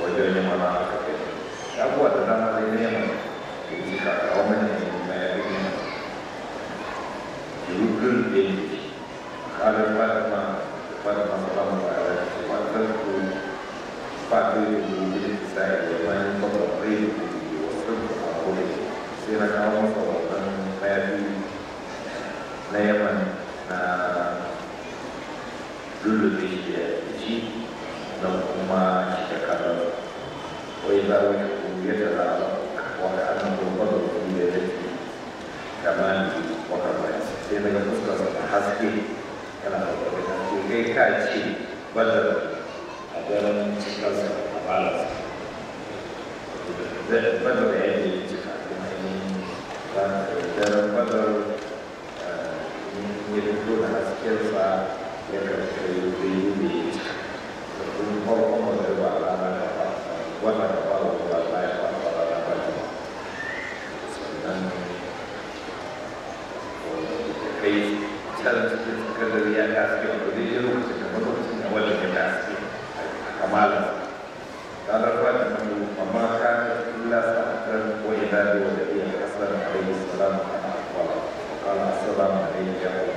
wajarnya mana Ya buat tentang hal ini yang kita tahu menjadi yang ini ada pada pada malam pada pada pun pada bulan saya dengan pemberi untuk tahu ini sila kau mengatakan pada lembang dulu ini dia ini nak kumah jika kalau hoy en la vez hubiese dado o sea, no puedo cuando lo pide de Camán y Juan Ramón tiene que buscar los bajas aquí en la propuesta y que cae aquí cuando lo pide a ver si se va a la cuando le he dicho cuando cuando y el futuro de las piezas y el que se vive y el futuro Buat ada apa lo buat saya apa apa apa apa dan kei jalan sedikit ke dari yang kasih yang berdiri di rumah sih kamu tuh sih nggak boleh kasih kamal kalau kan kamu memakan ulas dan kue dari wajah yang asal dari Islam kalau asal dari yang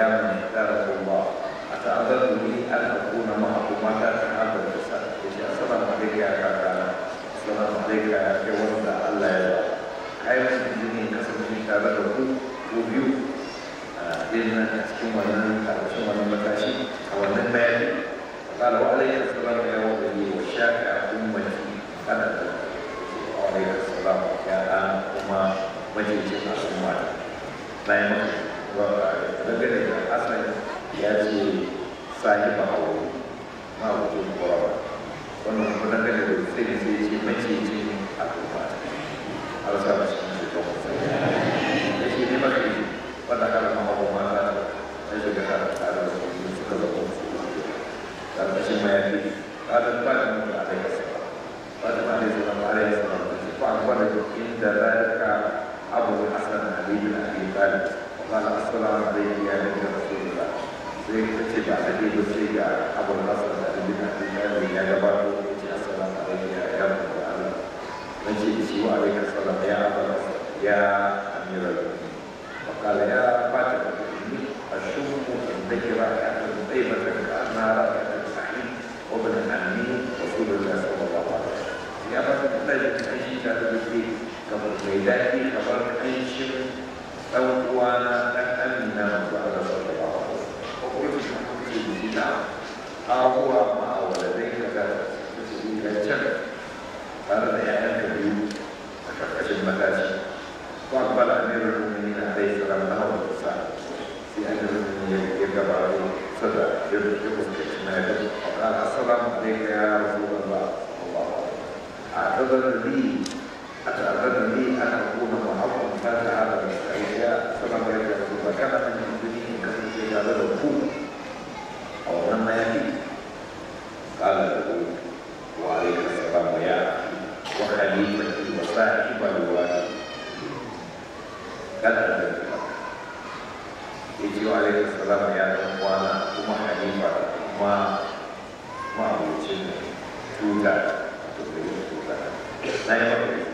yaman darabu Allah Ata agar duni an aku nama aku maka kena berdosa Jadi asalan mereka akan Asalan mereka kewan da Allah ya Kaya masih duni kasih duni kabar aku Kubiu Dia menangkan semua nanti Kalau semua nanti yeah, keluar kan ada Iji alaih salam ya Mu'ana Umar Hanifah Umar Umar Abu Cina Tuga Tuga Tuga Saya mengerti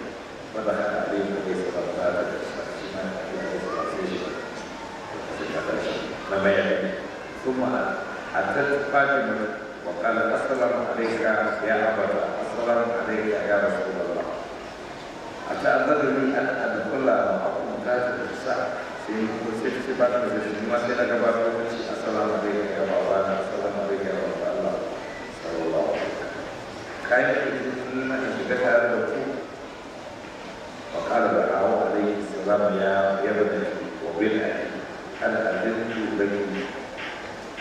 Pada hati Nabi Salam Tuga Nama yang ini Suma Ada tepat menurut Wakala Assalamualaikum Ya Abad Assalamualaikum Ya Rasulullah Ata al-Badri al-Adhullah Al-Qumtaz al-Qisah Sehingga sifat Sehingga masih ada kabar Assalamualaikum warahmatullahi ya wabarakatuh Assalamualaikum warahmatullahi ya ya wabarakatuh Kain itu Ini juga Wakala berkawal Alayhi salam ya Ya benar Wabila Ada adil itu Bagi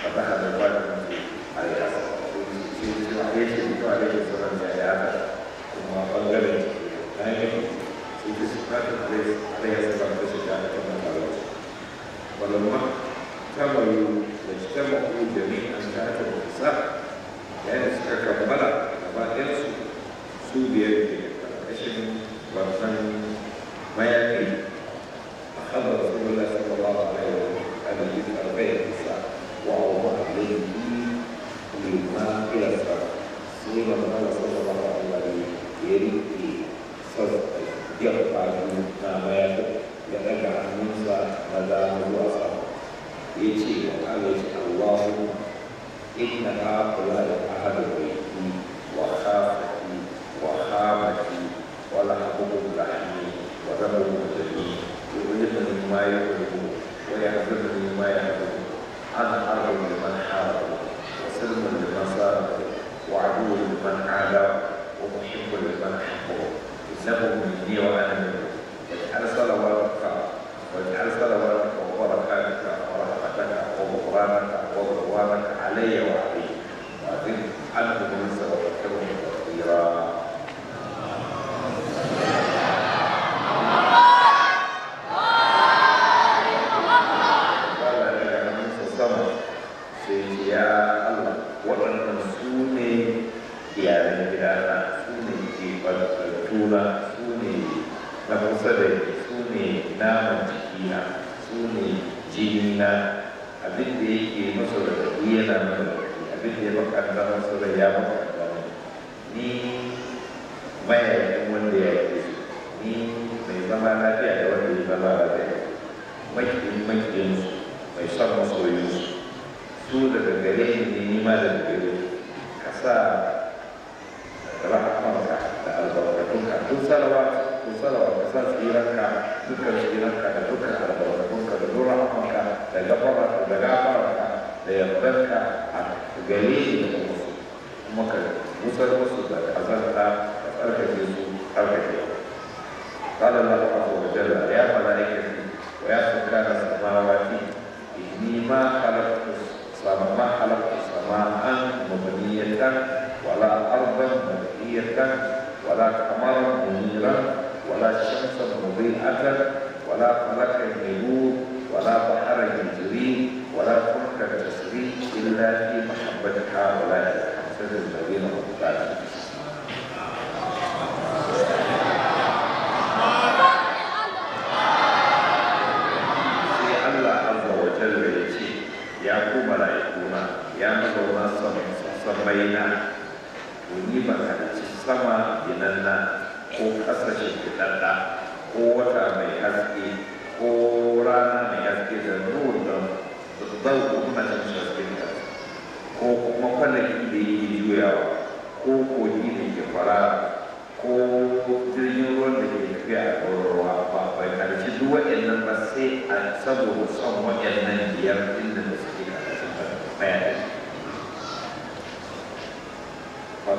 Kata hadir Bagi Alayhi salam Alayhi salam Alayhi salam Alayhi salam Alayhi salam Alayhi salam Alayhi Amen. Itu sepatu kris area sebab kesejahan teman kalau. Kalau mak, kamu yu, dan kita mau demi antara kebesar, dan sekarang kembali, dapat elsu, studi yang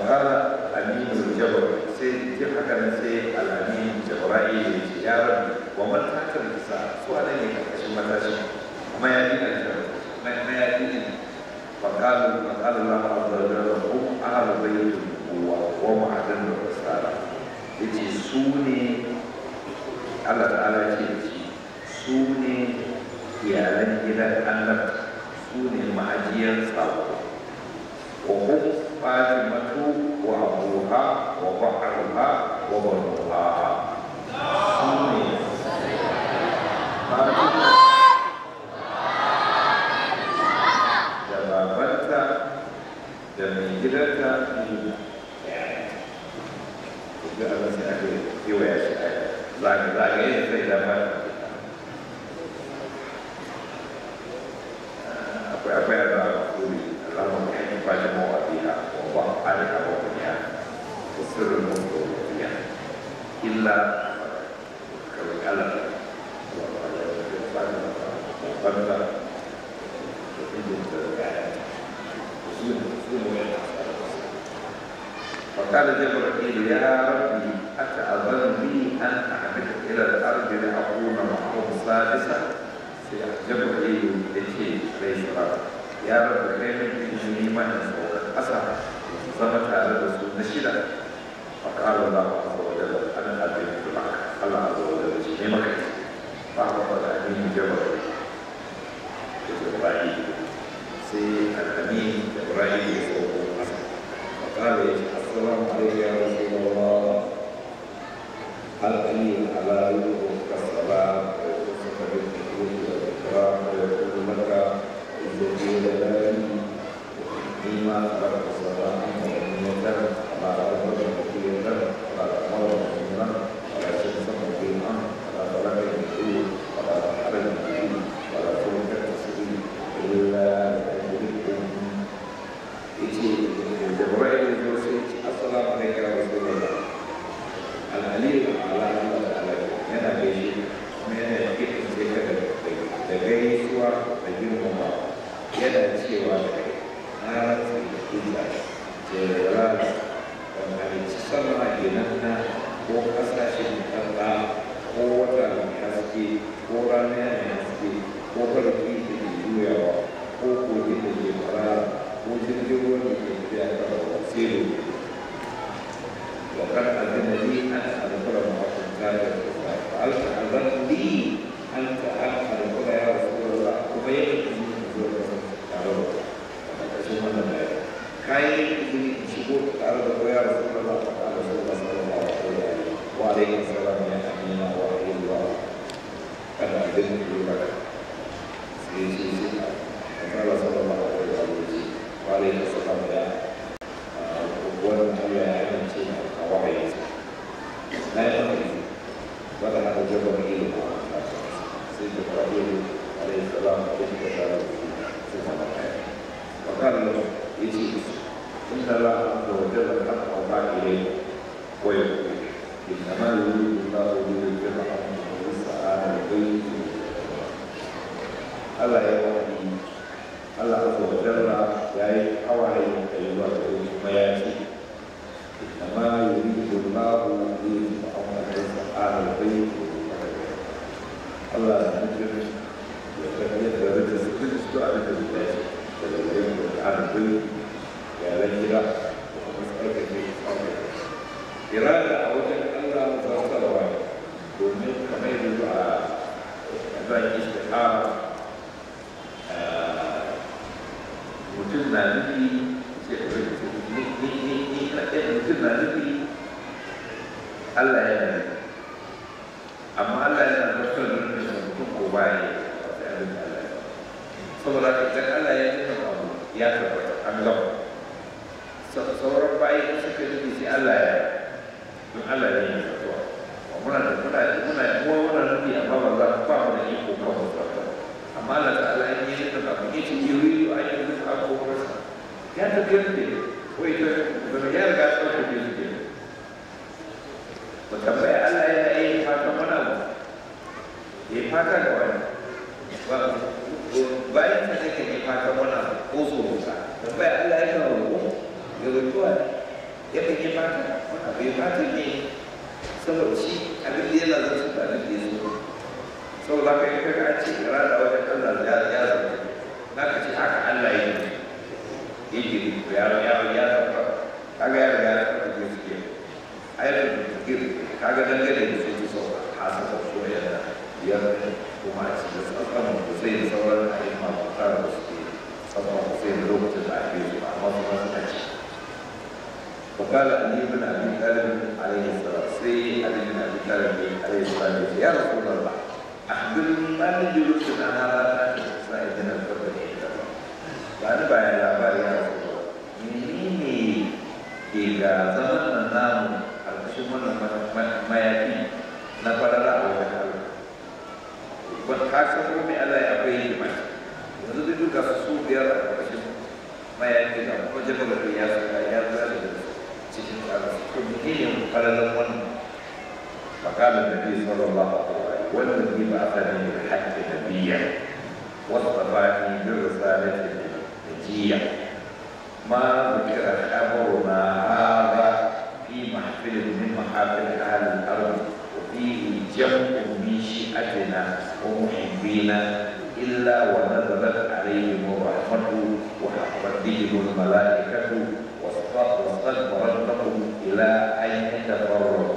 kamar aminu jabar sai ji haka nan sai alami jabarai da ya ce yaro wa matakan kisa su a nan ne kashin matashi mayani a jirgin mayani ne bakalun bakalun na a zargar ko a harbai kowa ko ma'adin da fasara ya ce su ne allah ta ala ce ce su ne iyalan gidan allah su ne ma'ajiyar tsawo فاطمه وابوها وبحرها وبرها الله فقال جبر الرحيل يا ربي أتأذنني أن أعمد إلى الأرض لأكون معهم سادسا سيعجبني يجي ليس رب يا رب كيف يجيني من فوق الأسر زمت على رسول نشيدا فقال الله عز وجل انا ادري معك الله عز وجل يجيبك فاعرف الامين جبريل جبريل سي الامين جبريل فقال السلام عليك يا رسول الله هل امين على يدكم كالسلام ويقصك بالدخول الى الاكرام ويقول لك الزوجين لا يمكن فيما تركت surah Al-Qur'an ayat itu apa? Ya Allah, Allah. Seorang bayi itu sekali di si Allah ya. Allah ini yang tertua. Mula dan mula itu mula yang mula mula nanti yang bawa Allah tua mula yang ikut kamu tua. Amalan Allah ini tetap ini sendiri itu ayat itu aku rasa. Ya tergantung. وقال علي بن ابي طالب عليه الصلاه علي بن ابي طالب عليه الصلاه والسلام يا رسول الله احببني ما من جلوس انا لا اتنا الفرد فانا بايع لا بايع يا رسول الله اذا زمن النام الاشمال ما ياتي نقل له buat kasih kami ada yang beri mas itu itu kasih suci ya macam mayat kita macam apa lagi ya ya فقال النبي صلى الله عليه وسلم والذي بعثني بالحق نبيا واصطفاني برسالة نجيا ما ذكر خبرنا هذا في محفل من محافل أهل الأرض وفيه جمع من شيعتنا ومحبينا إلا ونزلت عليهم الرحمة وحفظتهم الملائكة فضل القلب ورجل إلى أين تفرغ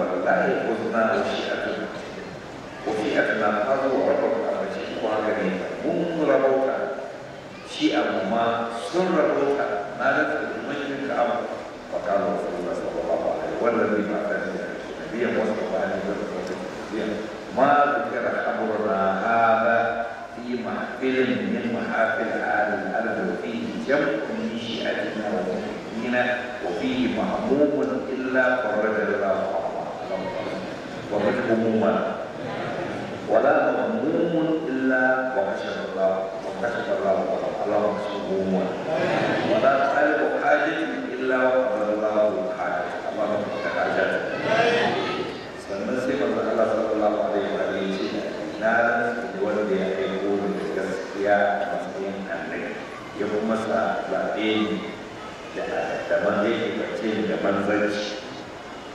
وبلعه أذنى وشيئة وفي أثناء هذا ربك أمتي وهكذا من ربك شيء ما سر ربك نالت المجد الأمر فقال رسول الله صلى الله عليه وسلم والذي بعثني نبيا واصطفى أن يبلغ ما ذكر أمرنا هذا في محفل من محافل أهل الأرض وفيه جمع من شيئتنا ومؤمنين وفيه مهموم إلا فرج الله وقد هموما ولا مهموم إلا وكشف الله وكشف الله اللهم اكشف هموما ولا تعرف حاجة إلا وقضى الله حاجة اللهم اكشف حاجة sannan sai manzo Allah sallallahu alaihi wa sallam ya ce na rantsi wanda ya kai gurin da gaskiya a matsayin annabi ya kuma sa zaɓe ni da manzanci da manzanci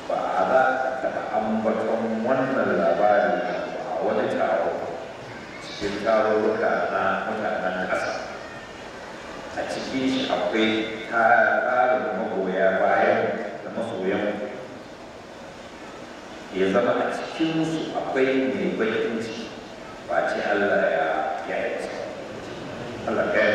ba a haɗa da ambaton wannan labari a wani taro cikin tarurruka na mutanen ƙasa a cikin shi akwai tarin magoya bayan da masoyan ya zama a cikinsu akwai mai bakin ciki ba ce Allah ya ya yi Allah ya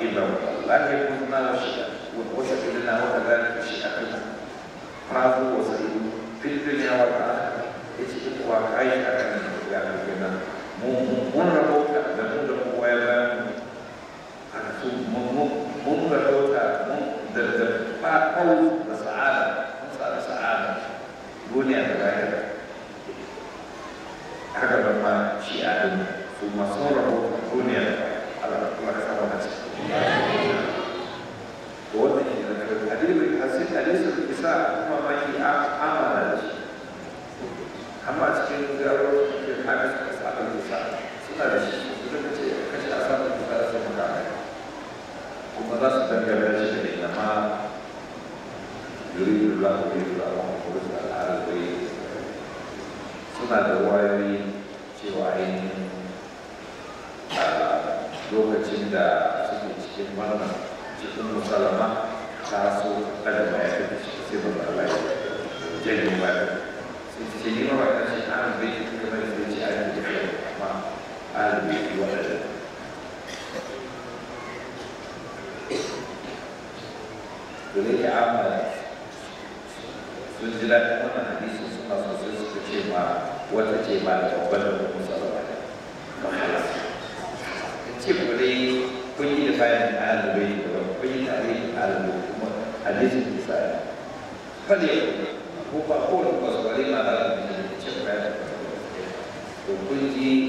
إلا وحده بل يكون لنا وجهة لنا وكذلك في أخرنا فرافو وسليم في الدنيا والآخرة إذا كنتوا كأيك أكثر من الدنيا والآخرة ممون ربوك دمون ربوك ويبان أنا سوف ممون ربوك ممون ربوك فأقول بسعادة مصار سعادة دنيا تغير أكبر ما شيئا ثم صور ربوك دنيا تغير sa kuma maki a amana ce amma cikin garo da kaga suka sa abin da sa suna da shi su duka kashe a samun da sa su maka kuma za su dangana shi da ina ma yuridu lahu yuridu lahu kuma su al'arbai suna da wayoyi cewa ainihin lokacin da suke cikin wannan cikin musalama ta so kada ma ya fi sai ba Allah ya ce ni ma ba ta ce an bai ta kamar da ce an yi tafiya amma an bai ta wadanda da zai yi amana sun ji daɗin wannan hadisi suna ce ma wata ce ma da babban da kuma sarrafa ba hala ce ku dai kun yi da bayan ɗalibai da kun yi tare Paleiro, o papone, o pasqualino, la dalla, c'è bello. E quindi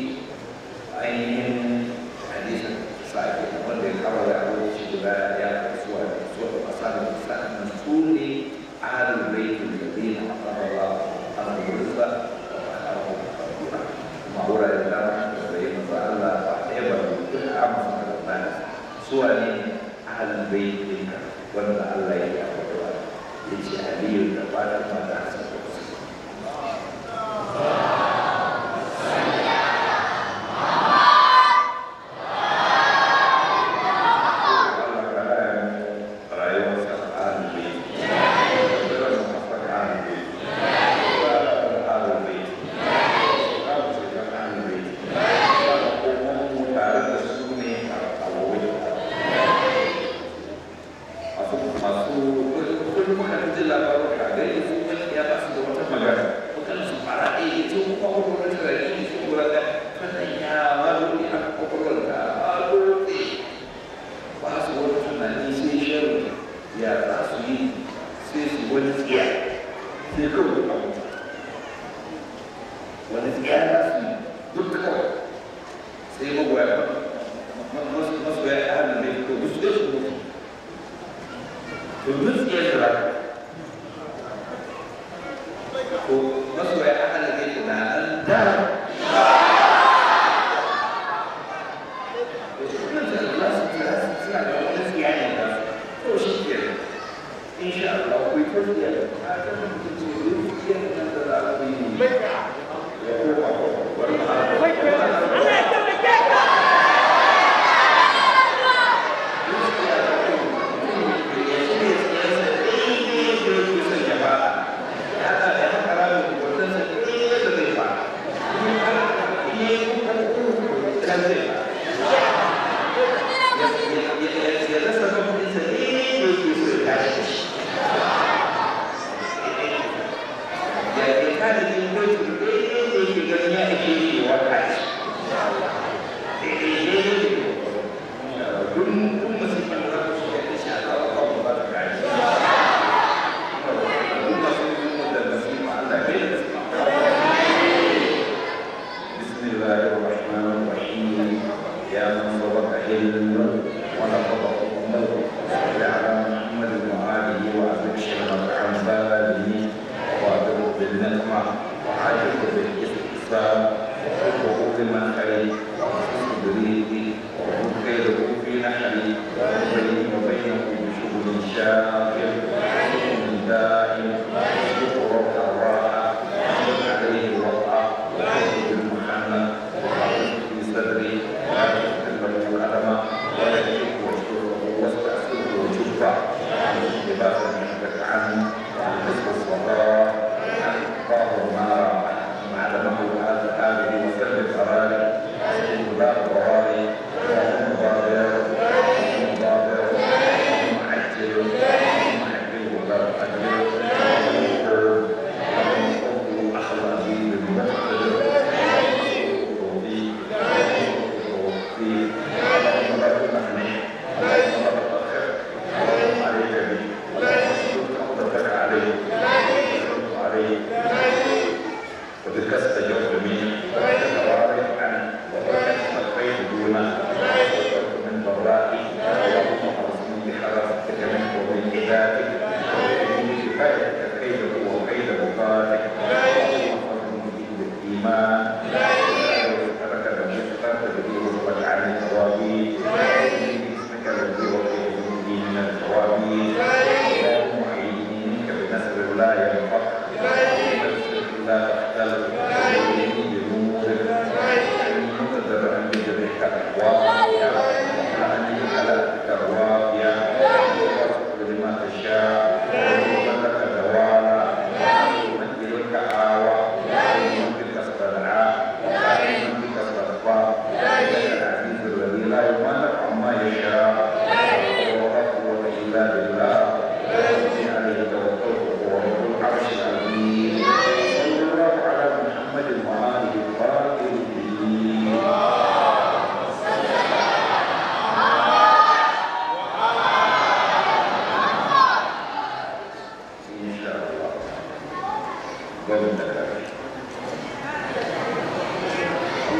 that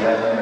i y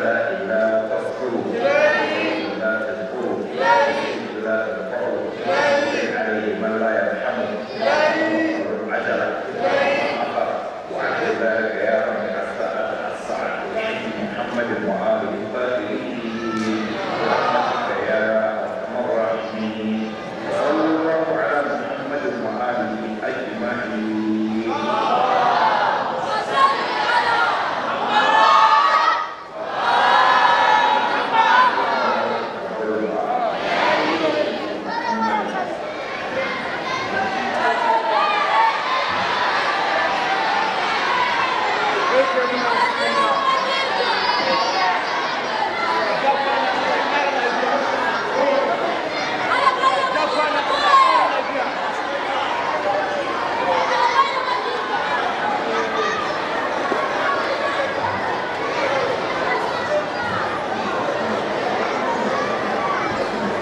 para